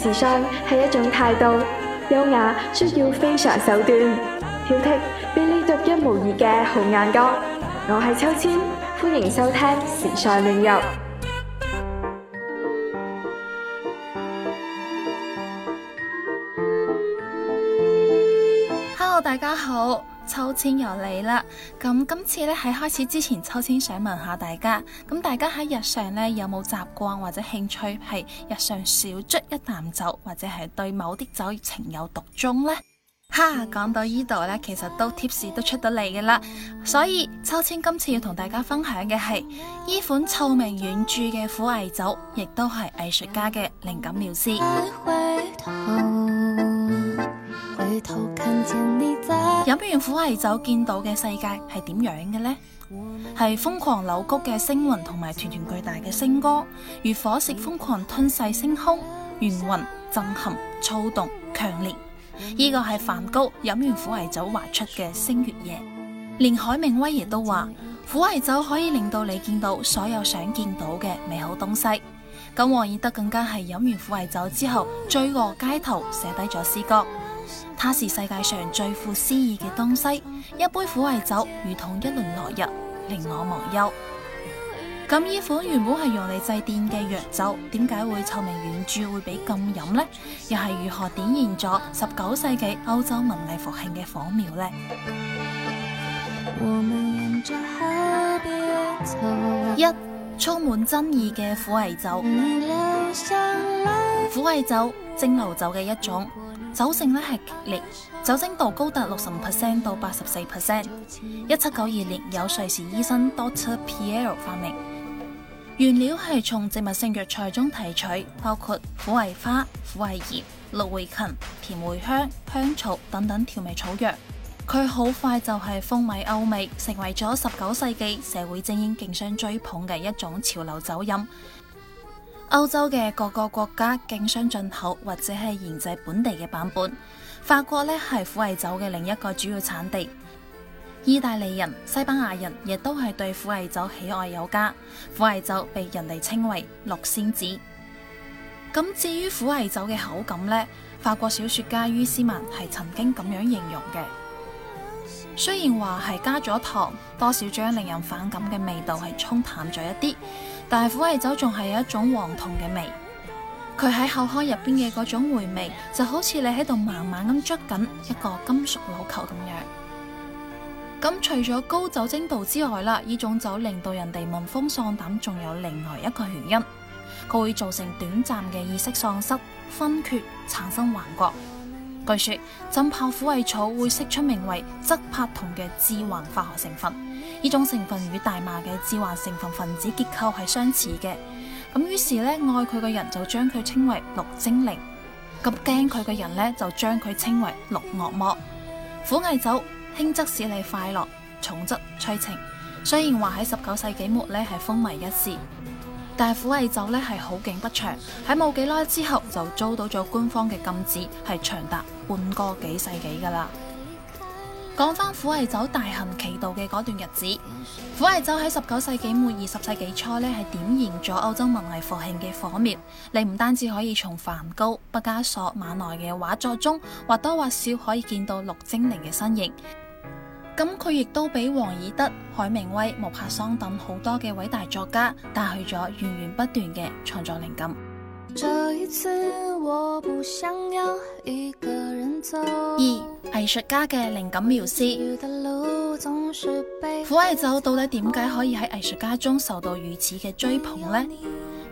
時尚係一種態度，優雅需要非常手段，挑剔俾你獨一無二嘅好眼光。我係秋千，歡迎收聽時尚煉油。Hello，大家好。秋千又嚟啦，咁今次咧喺開始之前，秋千想問下大家，咁大家喺日常咧有冇習慣或者興趣係日常少啜一啖酒，或者係對某啲酒情有獨鍾呢？哈，講到呢度呢，其實都 tips 都出到嚟嘅啦，所以秋千今次要同大家分享嘅係呢款臭名遠著嘅苦艾酒，亦都係藝術家嘅靈感繆斯。飲完苦艾酒見到嘅世界係點樣嘅呢？係瘋狂扭曲嘅星雲同埋團團巨大嘅星光，如火舌瘋狂吞噬星空，眩暈、震撼、躁動、強烈。呢、呢個係梵高飲完苦艾酒畫出嘅《星月夜》，連海明威亦都話，苦艾酒可以令到你見到所有想見到嘅美好東西。咁王爾德更加係飲完苦艾酒之後，醉臥街頭寫低咗詩歌。它是世界上最富詩意嘅東西，一杯苦艾酒如同一輪落日，令我忘憂。咁呢款原本係用嚟祭奠嘅藥酒，點解會臭名昭著會俾禁飲呢？又係如何點燃咗十九世紀歐洲文藝復興嘅火苗呢？一充滿爭議嘅苦艾酒，苦艾酒蒸餾酒嘅一種。酒性咧係極烈，酒精度高達六十五 percent 到八十四 percent。一七九二年，有瑞士醫生 Dr. Pierre 發明，原料係從植物性藥材中提取，包括苦艾花、苦艾葉、綠茴芹、甜茴香、香草等等調味草藥。佢好快就係風靡歐美，成為咗十九世紀社會精英競相追捧嘅一種潮流酒飲。歐洲嘅各個國家競相進口或者係研製本地嘅版本。法國呢係苦艾酒嘅另一個主要產地。意大利人、西班牙人亦都係對苦艾酒喜愛有加。苦艾酒被人哋稱為綠仙子。咁至於苦艾酒嘅口感呢，法國小說家于斯曼係曾經咁樣形容嘅。雖然話係加咗糖，多少將令人反感嘅味道係沖淡咗一啲。但苦艾酒仲係有一種黃銅嘅味，佢喺口腔入邊嘅嗰種回味，就好似你喺度慢慢咁捉緊一個金屬紐扣咁樣。咁除咗高酒精度之外啦，呢種酒令到人哋聞風喪膽，仲有另外一個原因，佢會造成短暫嘅意識喪失、昏厥、產生幻覺。據說浸泡苦艾草會釋出名為側柏酮嘅致幻化學成分，呢種成分與大麻嘅致幻成分分子結構係相似嘅。咁於是呢，愛佢嘅人就將佢稱為綠精靈，咁驚佢嘅人呢，就將佢稱為綠惡魔。苦艾酒輕則使你快樂，重則催情。雖然話喺十九世紀末呢，係風靡一時。但苦艾酒咧係好景不長，喺冇幾耐之後就遭到咗官方嘅禁止，係長達半個幾世紀噶啦。講翻苦艾酒大行其道嘅嗰段日子，苦艾酒喺十九世紀末二十世紀初呢，係點燃咗歐洲文藝復興嘅火苗。你唔單止可以從梵高、畢加索、馬奈嘅畫作中或多或少可以見到綠精靈嘅身影。咁佢亦都俾王爾德、海明威、莫泊桑等好多嘅偉大作家帶去咗源源不斷嘅創作靈感。二、藝術家嘅靈感繆斯，苦艾酒到底點解可以喺藝術家中受到如此嘅追捧呢？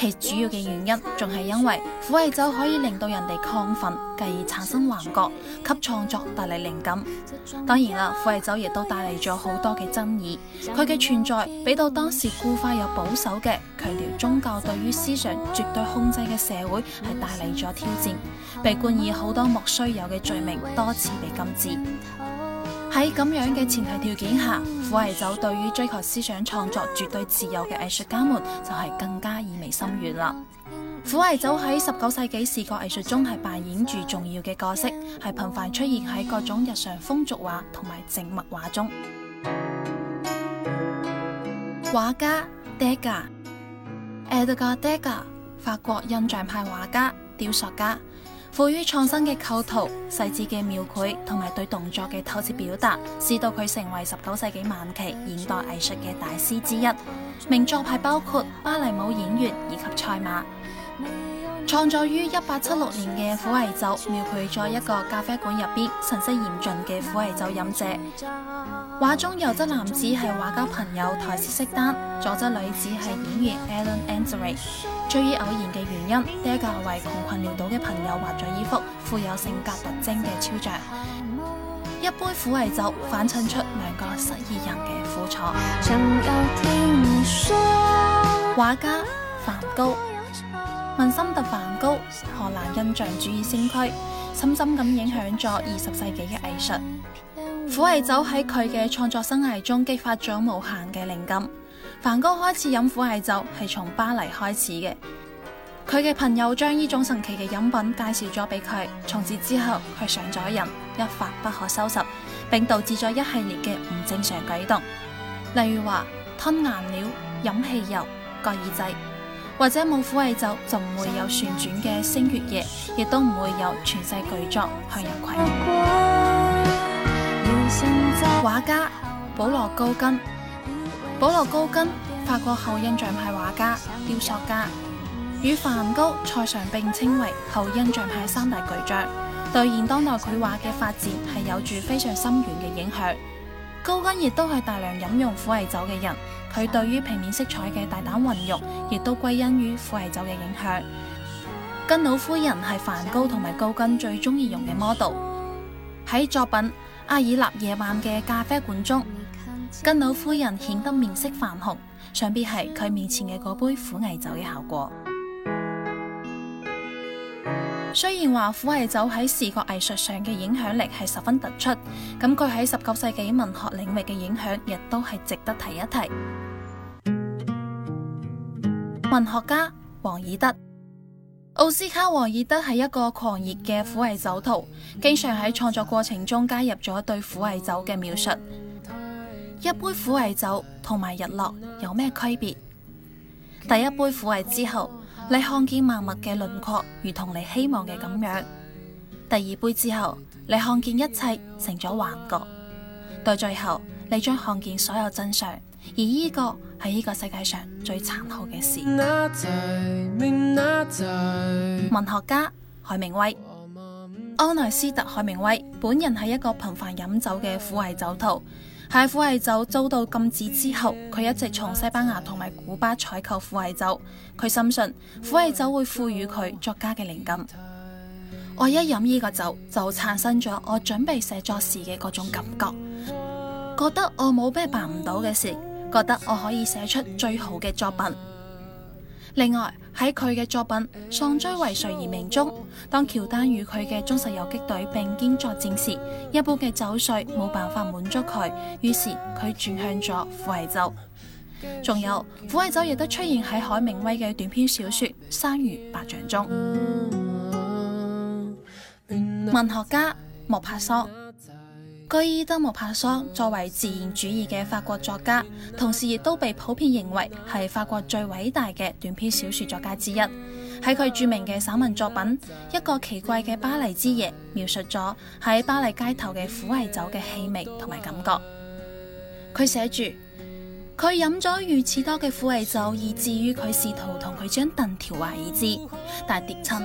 其主要嘅原因仲係因為苦艾酒可以令到人哋亢奮，繼而產生幻覺，給創作帶嚟靈感。當然啦，苦艾酒亦都帶嚟咗好多嘅爭議。佢嘅存在俾到當時固化又保守嘅強調宗教對於思想絕對控制嘅社會係帶嚟咗挑戰，被冠以好多莫須有嘅罪名，多次被禁止。喺咁樣嘅前提條件下，苦艾酒對於追求思想創作絕對自由嘅藝術家們就係更加意味深遠啦。苦艾酒喺十九世紀視覺藝術中係扮演住重要嘅角色，係頻繁出現喺各種日常風俗畫同埋靜物畫中。畫家 Degas，Edgar Degas，法國印象派畫家、雕塑家。富於創新嘅構圖、細緻嘅描繪同埋對動作嘅透徹表達，使到佢成為十九世紀晚期現代藝術嘅大師之一。名作係包括芭蕾舞演員以及賽馬。創作於一八七六年嘅《苦艾酒》，描繪咗一個咖啡館入邊神色嚴峻嘅苦艾酒飲者。畫中右側男子係畫家朋友台斯色丹，左側女子係演員 Alan Anthony 出於偶然嘅原因，畫家為窮困潦倒嘅朋友畫咗依幅富有性格特徵嘅肖像。一杯苦艾酒，反襯出兩個失意人嘅苦楚。畫家梵高。文森特梵高，荷蘭印象主義先驅，深深咁影響咗二十世紀嘅藝術。苦艾酒喺佢嘅創作生涯中激發咗無限嘅靈感。梵高開始飲苦艾酒係從巴黎開始嘅，佢嘅朋友將呢種神奇嘅飲品介紹咗俾佢，從此之後佢上咗癮，一發不可收拾，並導致咗一系列嘅唔正常舉動，例如話吞顏料、飲汽油、割耳仔。或者冇苦艾酒，就唔會有旋轉嘅星月夜，亦都唔會有全世巨作向日葵。畫 家保羅高更，保羅高更，法國後印象派畫家、雕塑家，與梵高、塞尚並稱為後印象派三大巨匠。 對現當代繪畫嘅發展係有住非常深遠嘅影響。高更亦都係大量飲用苦艾酒嘅人，佢對於平面色彩嘅大膽運用，亦都歸因於苦艾酒嘅影響。根魯夫人係梵高同埋高更最中意用嘅 model，喺作品《阿爾勒夜晚嘅咖啡館》中，根魯夫人顯得面色泛紅，想必係佢面前嘅嗰杯苦艾酒嘅效果。雖然話苦艾酒喺視覺藝術上嘅影響力係十分突出，咁佢喺十九世紀文學領域嘅影響亦都係值得提一提。文學家王爾德，奧斯卡王爾德係一個狂熱嘅苦艾酒徒，經常喺創作過程中加入咗對苦艾酒嘅描述。一杯苦艾酒同埋日落有咩區別？第一杯苦艾之後。你看見萬物嘅輪廓，如同你希望嘅咁樣。第二杯之後，你看見一切成咗幻覺。到最後，你將看見所有真相，而依個係依個世界上最殘酷嘅事。文學家海明威，安奈斯特海明威本人係一個頻繁飲酒嘅苦艾酒徒。喺苦艾酒遭到禁止之後，佢一直從西班牙同埋古巴採購苦艾酒。佢深信苦艾酒會賦予佢作家嘅靈感。我一飲呢個酒，就產生咗我準備寫作時嘅嗰種感覺，覺得我冇咩辦唔到嘅事，覺得我可以寫出最好嘅作品。另外喺佢嘅作品《喪追為誰而鳴》中，當喬丹與佢嘅忠實遊擊隊並肩作戰時，一般嘅酒水冇辦法滿足佢，於是佢轉向咗苦艾酒。仲有苦艾酒亦都出現喺海明威嘅短篇小説《山如白象》中。文學家莫泊桑。居伊德莫泊桑作為自然主義嘅法國作家，同時亦都被普遍認為係法國最偉大嘅短篇小說作家之一。喺佢著名嘅散文作品《一個奇怪嘅巴黎之夜》，描述咗喺巴黎街頭嘅苦艾酒嘅氣味同埋感覺。佢寫住：佢飲咗如此多嘅苦艾酒，以至於佢試圖同佢將凳調歪以至，但跌親。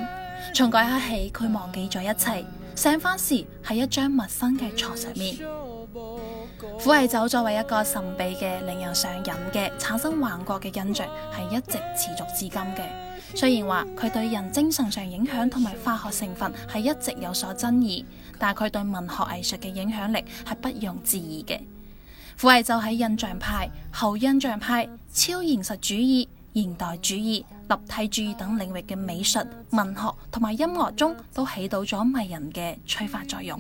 從嗰刻起，佢忘記咗一切。醒返時喺一張陌生嘅床上面。苦艾酒作為一個神秘嘅、令人上癮嘅、產生幻覺嘅印象，係一直持續至今嘅。雖然話佢對人精神上影響同埋化學成分係一直有所爭議，但佢對文學藝術嘅影響力係不容置疑嘅。苦艾酒喺印象派、後印象派、超現實主義、現代主義、立體主義等領域嘅美術、文學同埋音樂中都起到咗迷人嘅催化作用。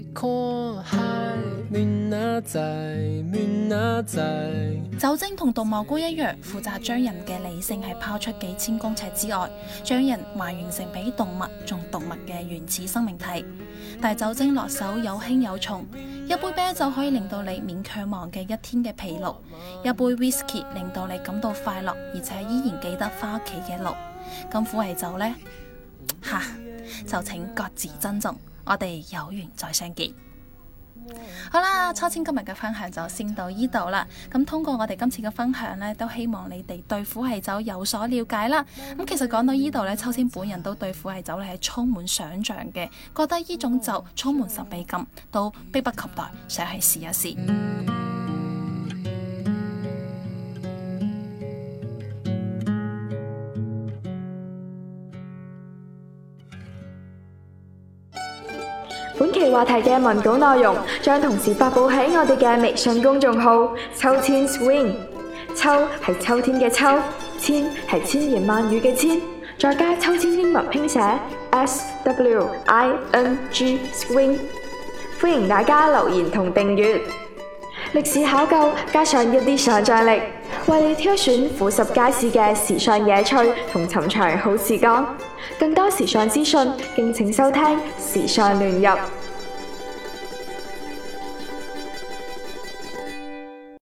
酒精同毒蘑菇一樣，負責將人嘅理性係拋出幾千公尺之外，將人還原成比動物仲動物嘅原始生命體。但酒精落手有輕有重，一杯啤酒可以令到你勉強忘記一天嘅疲勞，一杯 Whisky 令到你感到快樂，而且依然記得翻屋企嘅路。咁苦艾酒呢，吓就請各自珍重，我哋有緣再相見。好啦，秋千今日嘅分享就先到呢度啦。咁通過我哋今次嘅分享呢，都希望你哋對苦艾酒有所了解啦。咁其實講到呢度呢，秋千本人都對苦艾酒咧係充滿想象嘅，覺得呢種酒充滿神秘感，都迫不及待想去試一試。嗯本期話題嘅文稿內容將同時發佈喺我哋嘅微信公眾號“秋千 swing”，「秋」係秋天嘅「秋」，「千」係千言萬語嘅「千」，再加「秋千」英文拼寫 S W I N G swing，歡迎大家留言同訂閱，歷史考究加上一啲想象力。為你挑選俯拾皆是嘅時尚野趣同尋常好時光，更多時尚資訊，敬請收聽《時尚亂入》。